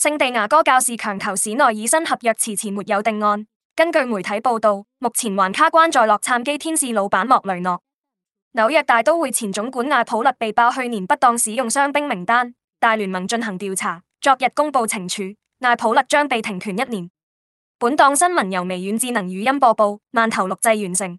聖地牙哥教士強求市內以新合約，遲遲沒有定案。根據媒體報道，目前還卡關在洛杉磯天使老闆莫雷諾。紐約大都會前總管艾普勒被爆去年不當使用傷兵名單，大聯盟進行調查。昨日公布懲處，艾普勒將被停權一年。本檔新聞由微軟智能語音播報，慢投錄製完成。